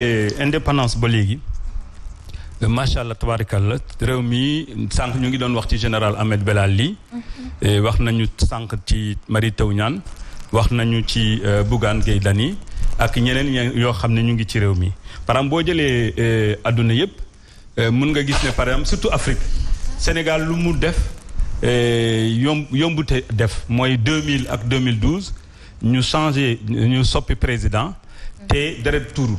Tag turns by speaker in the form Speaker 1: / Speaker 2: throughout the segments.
Speaker 1: indépendance ba léegi macha allah tabaarikàlla réew mii sànq ñu ngi doon wax ci général Ahmed Belali mhm. wax nañu sànq ci Mary Teuw Niane wax nañu ci euh, Bougane Gueye Dany ak ñeneen yoo xam ne ñu ngi ci réew mi param boo jëlee adduna euh, yëpp euh, mun nga gis ne par exemple surtout Afrique Sénégal lu mu def yomb yombute def mooy 2000 ak 2012 ñu changé ñu soppi président te deret tuuru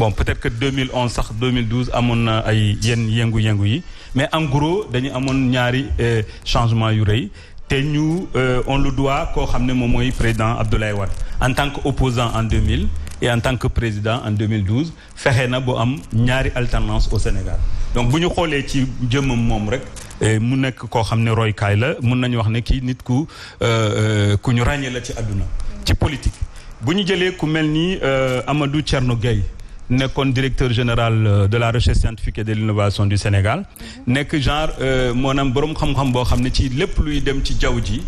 Speaker 1: bon peut-être que 2011 sax 2012 amoon na ay yenn yëngu-yëngu yi mais en gros dañu amoon ñaari euh, changement yu rëy te ñu euh, on le doit koo xam ne moom mooy président Abdoulaye Wade en tant que opposant en 2000 et en tant que président en 2012 fexe na bu am ñaari alternance au Sénégal donc bu ñu xoolee ci jëmmam moom rek euh, mu nekk koo xam ne roykaay la mun nañu wax ne kii nit ku ku ñu ràññee la ci àdduna ci politique bu ñu jëlee ku mel ni Amadou Thierno Gueye nekkoon directeur général euh, de la recherche scientifique et de l'innovation du Sénégal mhm. nekk genre euh, maanaam boroom xam-xam boo xam ne ci lépp luy dem ci jaww ji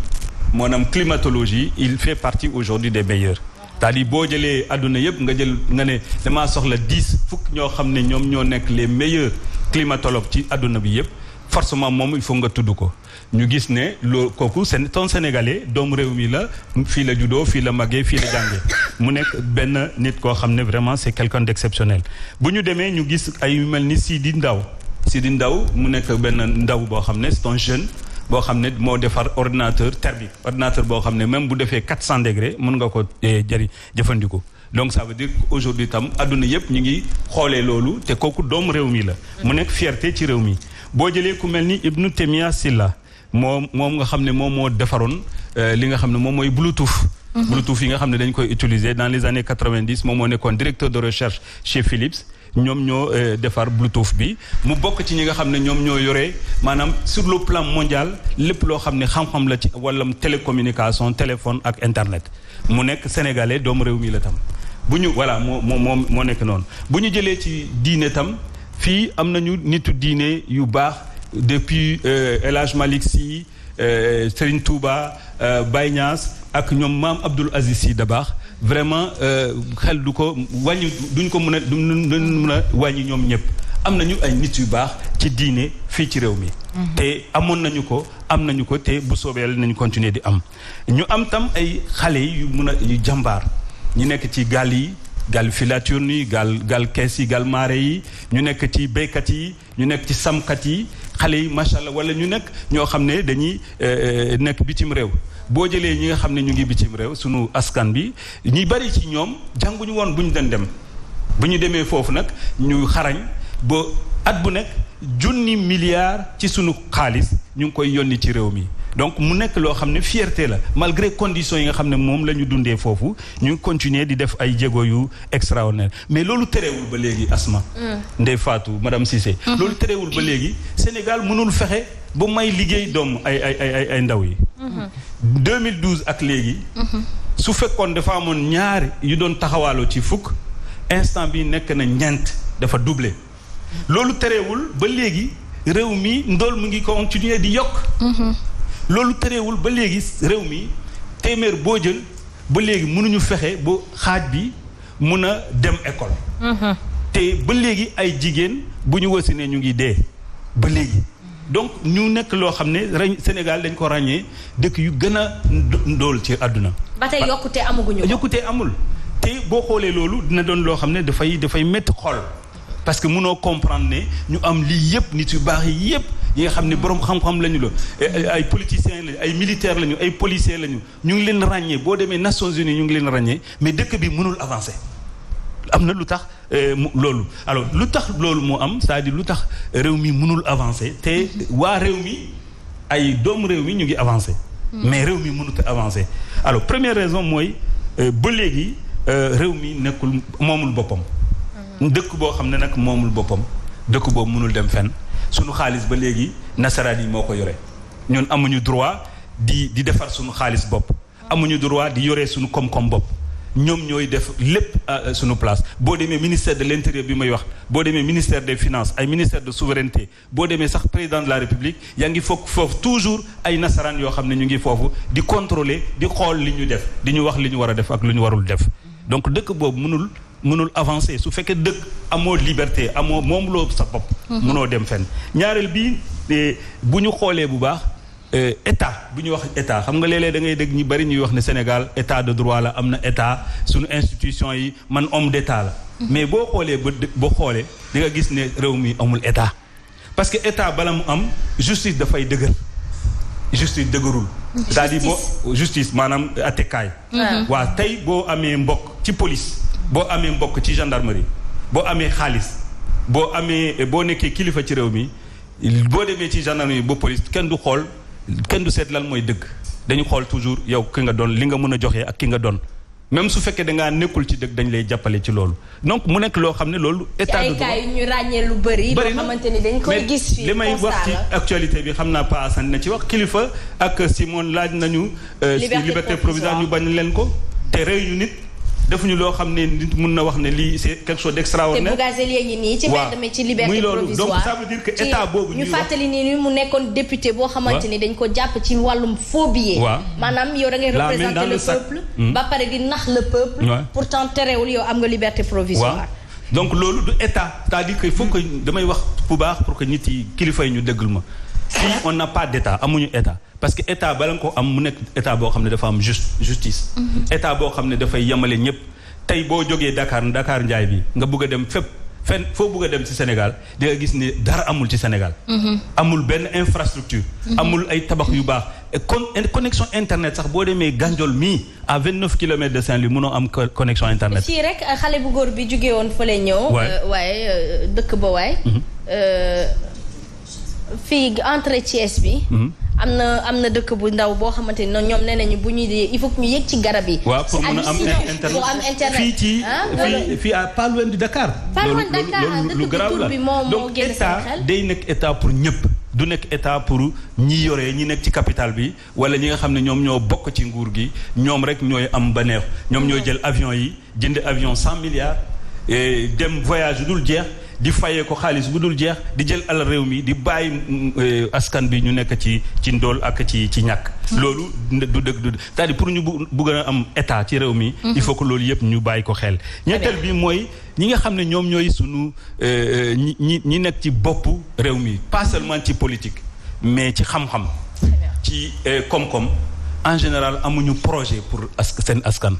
Speaker 1: moonaam climatologie il fait partie aujourd'hui des meilleurs cest à boo jëlee àdduna yëpp nga jël nga ne damaa soxla dix fukk ñoo xam ne ñoom ñoo nekk les meilleurs climatologue ci àdduna bi yëpp forcement moom il faut nga tudd ko ñu gis ne loo kooku seen ton sénégalais doomu réew mi la fii la juddoo fii la màggee fii la jàngee mu nekk benn nit koo xam ne vraiment c'est quelqu'un d'exceptionnel bu ñu demee ñu gis ay mel ni di Ndaw si di Ndaw mu nekk benn ndaw boo xam ne c'est un jeune boo xam ne moo defar ordinateur thermique ordinateur boo xam ne même bu defee quatre cent degrés mun nga ko eh, jari jëfandiku donc ça veut dire qu'aujourd'hui tam adduna yëpp ñu ngi xoolee loolu te kooku doomu réew mii la mu nekk fierte ci réew mi boo jëlee ku mel ni Ibnu Temia Silla moom moom nga xam ne moom moo defaroon euh, li nga xam ne moom mooy Bluetooth mhm. Bluetooth yi nga xam ne dañ koy utiliser dans les années 90 moom moo nekkoon directeur de recherche chez Philips ñoom ñoo euh, defar Bluetooth bi mu bokk ci ñi nga xam ne ñoom ñoo yore maanaam sur le plan mondial lépp loo xam ne xam la ci wàllam télécommunication téléphone ak internet mu nekk sénégalais doomu réew mi la tam bu ñu voilà moo moo moo nekk noonu bu ñu jëlee ci diine tam fii am nañu nitu diine yu baax depuis euh, El Hadj Malick Sy euh, Serigne Touba euh, Baye Niass ak ñoom maam Abdoul Aziz Sy baax vraiment xel du ko wàññi duñ ko mën a duñ a wàññi ñoom ñëpp am nañu ay nit yu baax ci diine fii ci réew mi. Mhm. te amoon nañu ko am nañu ko te bu soobee nañu continuer di am. ñu am tam ay xale yu mun a jàmbaar. ñu nekk ci gaal yi gaal filature yi gaal gaal kees yi gaal maare yi ñu nekk ci béykat yi ñu nekk ci samkat yi xale yi macha allah wala ñu nekk ñoo xam ne dañuy eh, eh, nekk bitim réew boo jëlee ñi nga xam ne ñu ngi bitim réew sunu askan bi ñi bari ci ñoom jànguñu woon bu ñu doon dem bu ñu demee foofu nag ñu xarañ ba at bu nekk junni milliard ci sunu xaalis ñu ngi koy yónni ci réew mi. donc mu nekk loo xam ne fierté la malgré condition yi nga xam ne moom la ñu dundee foofu ñu continuer di def ay jéego yu extraordinaire mais loolu terewul ba léegi Asma. Mm. Ndeye Fatou madame sise mm-hmm. loolu terewul ba léegi Sénégal mënul fexe ba may liggéey doom ay ay ay ay ndaw yi. 2012 mm-hmm. ak léegi. Mm-hmm. su fekkoon dafa amoon ñaar yu doon taxawaaloo ci fukk instant bi nekk na ñeent dafa doublé loolu terewul ba léegi réew mi ndool mu ngi continuer di yokk. loolu tëreewul ba léegi réew mi téeméer boo jël ba léegi mënuñu fexe ba xaaj bi mun a dem école. Mhm. te ba léegi ay jigéen bu ñu wasi ne ñu ngi dee ba léegi. donc ñu nekk loo xam ne rañ Sénégal dañ ko ràññee dëkk yu gën a ndool ci àdduna.
Speaker 2: ba tey yokkute amaguñu
Speaker 1: ko amul. te boo xoolee loolu dina doon loo xam ne dafay dafay métti xol parce que mënoo comprendre ne ñu am lii yëpp nit yu baax yi yëpp. ñi nga xam ne borom xam-xam lañu la ay politiciens lañu ay militaires lañu ay policiers lañu ñu ngi leen ràññee boo demee Nations Unies ñu ngi leen ràññee mais dëkk bi mënul avancer. am na lu tax euh, loolu alors lu tax loolu moo am cest à lu tax réew mi munul avancer te waa réew mi ay doomu réew mi ñu ngi avancer. Hmm. mais réew mi mënut a avancer. alors première raison mooy euh, ba léegi euh, réew mi nekkul moomul boppam. Hmm. dëkk boo xam ne nag moomul boppam dëkk boobu mënul dem fenn. sunu xaalis ba léegi nasaraan yi moo ko yore ñun amuñu droit di di defar suñu xaalis bopp. amuñu droit di yore suñu koom-koom bopp ñoom ñooy def lépp euh, euh, sunu place boo demee ministère de l'intérieur bi may wax boo demee ministère des finances ay ministère de souveraineté boo demee sax président de la république yaa ngi foog foofu toujours ay nasaraan yoo xam ne ñu ngi foofu di contrôler di xool li ñu def di ñu wax li ñu war a def ak lu ñu warul def donc mënul avancer su fekkee dëkk amoo liberté amoo moom loo sa bopp. Mhm. mënoo dem fen ñaareel bi eh, bu ñu xoolee bu baax eh, état bu ñu wax état xam nga léeg-léeg da ngay dégg bari ñuy wax ne Sénégal état de droit la am na état suñu institution yi man homme d'état la. Mhm. mais boo xoolee ba boo xoolee di nga gis ne réew mi amul état parce que état bala mu am justice dafay dëgër justice dëgërul. cest à justice maanaam attekaay. Mhm. waaw tey boo amee mbokk ci police. boo amee mbokk ci gendarmerie boo amee xaalis boo amee boo nekkee kilifa ci réew mi boo demee ci gendarmerie ba police kenn du xool kenn du seet lan mooy dëgg dañu xool toujours yow ki nga doon li nga mën a joxe ak ki nga doon même su fekkee da ngaa nekkul ci dëgg dañ lay jàppale ci loolu donc mu nekk loo xam ne loolu. état de
Speaker 2: droit lu bëri. bëri na xamante ni dañ koy gis li may wax ci
Speaker 1: actualité bi xam naa Pa Assane na ci wax kilifa ak Simone laaj nañu. Euh, liberté provisoire ñu bañ leen ko te réew defuñu loo xam ne nit mun na wax ne li c' est quelque chose d' extraordinaire. te
Speaker 2: Bougazellier yi nii ci mbedd mi ci liberté provisoire muy loolu donc ça veut dire que état boobu. ñu fàttali ni mu nekkoon député boo xamante ni dañ ko jàpp ci wàllum faux billet. waaw maanaam yow da ngay représenter le peuple. Hmm. ba pare di nax le peuple. pourtant terewul yow am nga liberté provisoire.
Speaker 1: donc loolu du état c'est-à-dire hmm. damay wax bu baax pour que nit yi kilifa yi ñu dëggal ma. si on n'a pas d' amuñu état. parce que état bala nga ko am mu nekk état boo xam ne dafa am juste justice. Mhm. état boo xam ne dafay yemale ñëpp. tey boo jógee Dakar dakaar Njaay bi nga bugg a dem fépp fenn foo bëgg a dem ci Sénégal di gis ni dara amul ci Sénégal. Mhm. amul benn infrastructure. Mhm. amul ay tabax yu baax. kon connexion internet sax boo demee Gandiol mii à vingt neuf kilomètres de Saint-Louis mënoo am connexion internet. fii
Speaker 2: rek euh, xale bu góor bi jógee woon fële ñëw. Euh, waaye euh, dëkk ba waay. fii entrée am na am na dëkk bu ndaw boo xamante ne ñoom nee nañu bu ñuy il faut que ñu yëg ci garab yi. waaw pour ah, mën a am internet fii ci ah,
Speaker 1: fii à pas loin du Dakar. pas loin Dakar lu garaaw la day nekk état pour ñëpp. du nekk état pour ñi yore ñi nekk ci capital bi wala ñi nga xam ne ñoom ñoo bokk ci nguur gi ñoom rek ñooy am ba ñoom ñooy mm. jël avion yi jënd avion cent milliards. dem voyage dul jeex. di fayee ko xaalis bu dul jeex di jël alal réew mi di bàyyi euh, askan bi ñu nekk ci ci ndóol ak ci ci ñàkk. Hmm. loolu du dëgg du cest à pour ñu bugg a am état ci réew mi. Hmm. il faut que loolu yëpp ñu bàyyi ko xel. ñetteel bi mooy ñi nga xam ne ñoom ñooy sunu euh, euh, ñi ñi ñi nekk ci bopp réew mi pas seulement ci politique mais ci xam-xam. ci koom-koom en général amuñu projet pour seen askan.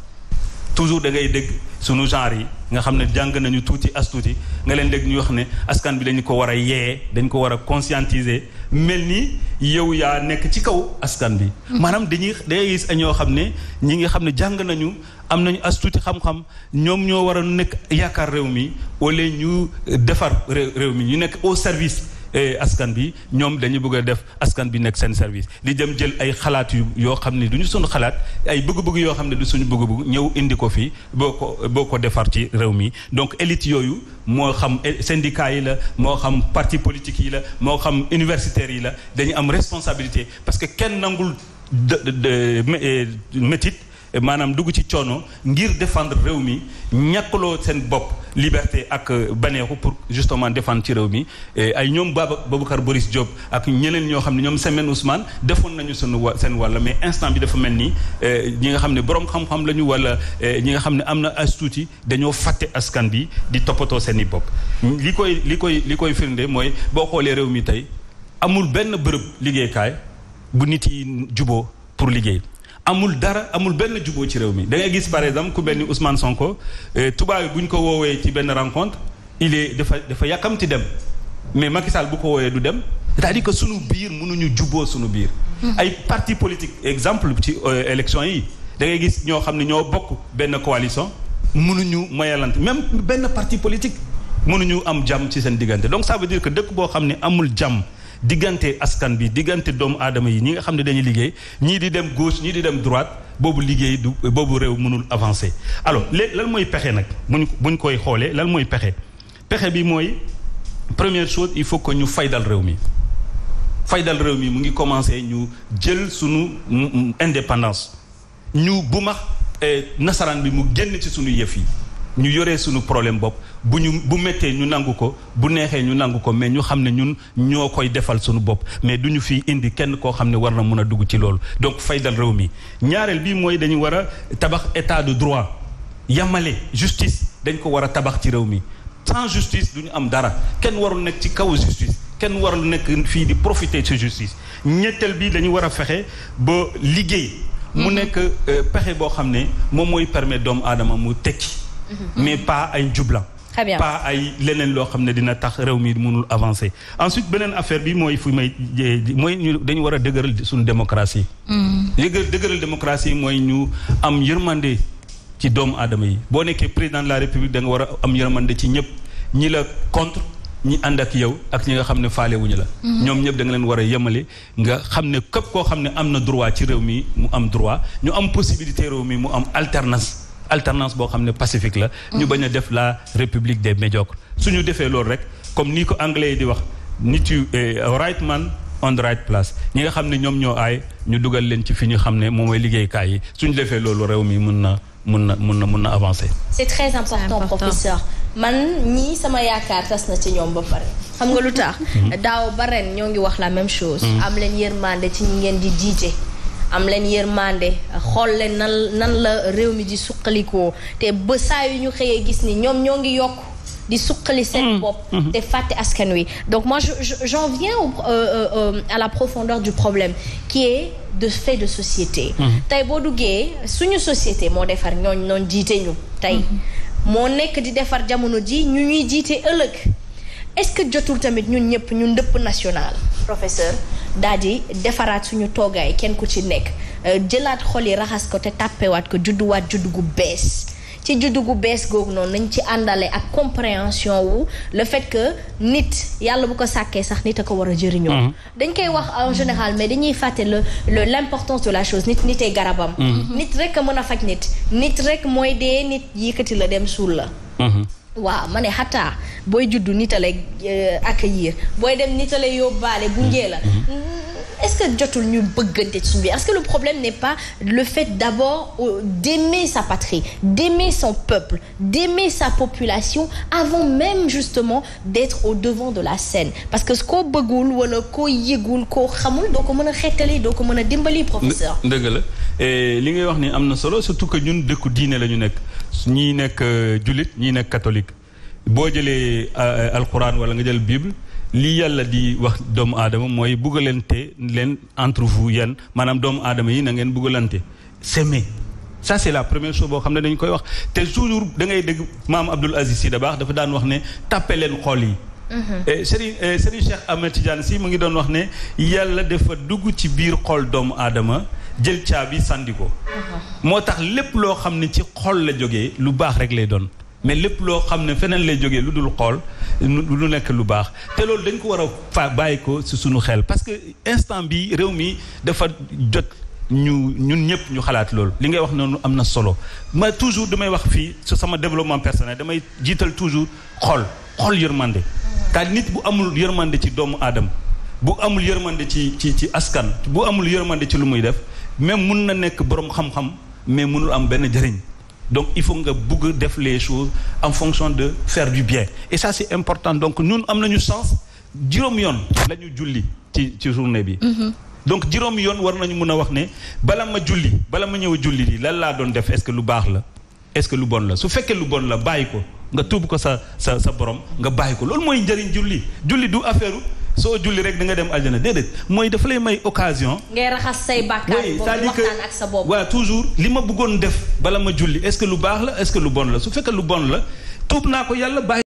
Speaker 1: toujours da ngay dégg sunu genre yi nga xam ne jàng nañu tuuti as tuuti nga leen dégg ñu wax ne askan bi dañu ko war a yee dañ ko war a conscientiser mel ni yow yaa nekk ci kaw askan bi. Hmm. maanaam dañuy day gis ñoo xam ne ñi nga xam ne jàng nañu am nañu as tuuti xam-xam ñoom ñoo war a nekk yaakaar réew mi wala ñu defar réew mi ñu nekk au service. Eh, askan bi ñoom dañuy bëgg a def askan bi nekk seen service di dem jël ay xalaat yoo xam ne du ñu suñu xalaat ay bëgg-bëgg yoo xam ne du suñu bëgg-bëgg ñëw indi ko fii boo ko boo ko defar ci réew mi donc élite yooyu moo xam eh, syndicat yi la moo xam parti politique yi la moo xam universitaire yi la dañu am responsabilité parce que kenn nangul eh, métit maanaam dugg ci coono ngir défendre réew mi ñàkkaloo seen bopp liberté ak euh, baneexu pour justement défendre ci réew mi ay ñoom Baba Babacar Boris Diop ak ñeneen ñoo xam ne ñoom Sembène Ousmane defoon nañu seen wa seen wàll mais instant bi dafa mel ni euh, ñi nga xam ne borom xam-xam lañu wala euh, ñi nga xam ne am na as tuuti dañoo fàtte askan bi di toppatoo seen i bopp. li koy li koy li koy firnde mooy boo xoolee réew mi tey amul benn bërëb liggéeykaay bu nit yi juboo pour liggéey. amul dara amul benn juboo ci réew mi da ngay gis par exemple ku benn Ousmane Sonko eh, tubaab yi bu ñu ko woowee ci benn rencontre il est dafa dafa yàkkamti dem mais Macky Sall bu ko woowee du dem c'est-à-dire que sunu biir munuñu jubo suñu biir. Hmm. ay parti politique exemple ci euh, élection yi da ngay gis ñoo xam ne ñoo bokk benn coalition mënuñu mayalante même benn parti politique munuñu am jàmm ci seen diggante donc ça veut dire que dëkk boo xam ne amul jàmm. diggante askan bi diggante doomu aadama yi ñi nga xam ne dañuy liggéey ñii di dem gauche ñii di dem droit boobu liggéey du boobu réew mënul avancé alors léegi lan mooy pexe nag buñ buñ koy xoolee lan mooy pexe pexe bi mooy première chose il faut que ñu faydal réew mi faydal réew mi mu ngi commencer ñu jël suñu mm, mm, indépendance ñu bu max eh, nasaraan bi mu génn ci suñu yëf yi. ñu yoree suñu problème bopp bu ñu bu méttee ñu nangu ko bu neexee ñu nangu ko mais ñu xam ne ñun ñoo koy defal suñu bopp mais du ñu fi indi kenn koo xam ne war na mun a dugg ci loolu donc faydal réew mi ñaareel bi mooy dañu war a tabax état de droit yamale justice dañ ko war a tabax ci réew mi sans justice du ñu am dara kenn warul nekk ci kaw justice kenn warul nekk fii di profiter ci justice ñetteel bi dañu war a fexe ba liggéey mu mhm. nekk euh, pexe boo xam ne moom mooy permettre doomu aadama mu tekki Mm-hmm. mais pas ay njublan pas ay leneen loo xam ne dina tax réew mi mënul avancer ensuite beneen affaire bi mooy fu may mooy ñu dañu war a dëgëral suñu démocratie dëgër mm-hmm. dëgëral démocratie mooy ñu am yërmande ci doomu aadama yi boo nekkee président de la république da nga war a am yërmande ci ñëpp ñi la contre ñi ànd ak yow ak ñi nga xam ne faale la mm-hmm. ñoom ñëpp da leen war a yemale nga xam ne képp koo xam ne am na droit ci réew mi mu am droit ñu am possibilité réew mi mu am alternance alternance boo xam ne pacifique la ñu bañ a def la république des médiocres suñu defee loolu rek comme ni ko anglais yi di wax nit yu eh, right man on the right place ñi nga xam ne ñoom ñoo aay ñu dugal leen ci fi ñu xam ne moom mooy liggéeykaay yi suñu defee loolu réew mi mun na mun
Speaker 2: c'est très important ci ñoom ba pare. xam nga lu tax. Mm-hmm. daaw ba ren ñoo ngi wax la même chose. Mm-hmm. am leen yërmande ci ñi ngeen di jiite. am leen yërmande xool leen nan nan la réew mi di suqalikoo te ba saa yu ñu xëyee gis ni ñoom ñoo ngi yokk di suqali seen mm. bopp mm-hmm. te fàtte askan wi donc moi je j'en viens euh, euh, euh, la profondeur du problème qui est de fait de société mm-hmm. tey boo duggee suñu société moo defar ñooñ noon jiite ñu tey mm-hmm. moo nekk di defar jamono ji ñu ñuy jiite ëllëg est-ce que jotul tamit ñu ñëpp ñu ndëpp national professeur daal di defaraat suñu toogaay kenn ku ci nekk euh, jëlaat xol yi raxas ko te tàppewaat ko judduwaat juddu gu bees ci juddu gu bees googu noonu lañ ci àndale ak compréhension wu le fait que nit yàlla bu ko sàkkee sax nit a ko war a jëriñoo. Mhm. dañ koy wax en général mais dañuy fàtte le le l'importance de la chose nit nitee garabam. Mhm. nit rek a mën a faj nit. nit rek mooy dee nit yëkkati la dem suul la. Mhm. waaw ma ne booy juddu nit a lay eh, accueillir booy dem nit a lay yóbbaale gunge la. Mm-hmm. Mm-hmm. Mm-hmm. est-ce que jotul ñu bëggante ci suñu biir est-ce que le problème n'est pas le fait d'abord euh, d'aimer sa patrie d'aimer son peuple d'aimer sa population avant même justement d'être au devant de la scène parce que koo bëggul wala koo yëgul koo xamul doo ko mën a xeetali doo ko mën a dimbali professeur
Speaker 1: dëgg la li ngay wax ni am na solo surtout que ñun dëkku diine la ñu nekk ñii nekk euh, jullit ñii nekk katolik boo jëlee euh, euh, alquran wala nga jël bible lii yàlla di wax doomu aadama mooy buggalante leen entre vous yéen maanaam doomu aadama yi na ngeen buggalante s'aimer ça c'est la première chose boo xam ne dañ koy wax te toujours da ngay dégg maam Abdoul Aziz Sy baax dafa daan wax ne tàppe leen xool yi mm-hmm. Serigne Serigne Cheikh Ahmed Tidiane Sy mu ngi doon wax ne yàlla dafa dugg ci biir xol doomu aadama jël caabi sànni ko. Uh-huh. moo tax lépp loo xam ne ci xol la jóge lu baax rek lay doon mais lépp loo xam ne feneen lay jógee lu dul xool lu nekk lu baax te loolu dañ ko war a fa bàyyi ko si suñu xel parce que instant bi réew mi dafa jot ñu ñun ñëpp ñu xalaat loolu li ngay wax noonu am na solo ma toujours damay wax fii su sama développement personnel damay jiital toujours xol xol yërmande kaa uh-huh. nit bu amul yërmande ci doomu aadama bu amul yërmande ci ci ci askan bu amul yërmande ci lu muy def même mun na nekk boroom xam-xam mais munul am benn jëriñ donc il faut nga bugg def les choses en fonction de faire du bien et ça c'est important donc ñun am nañu sens juróom yoon la ñu julli ci ci journée bi mm-hmm. donc juróom yoon war nañu mun a wax ne bala ma julli bala ma ñëw julli li lan laa doon def est-ce que lu baax la est-ce que lu bon la su fekkee lu bon la bàyyi ko nga tuub ko sa sa sa borom nga bàyyi ko loolu mooy njëriñ julli julli du affaire soo julli rek da nga dem aljana déedéet mooy dafa lay may occasion.
Speaker 2: ngay raxas say bàkkaar boobu waxtaan ak sa bopp
Speaker 1: toujours li ma bëggoon def bala ma julli est-ce que lu baax la est-ce que lu bon la su fekkee lu bon la tuub naa ko yàlla bàyyi.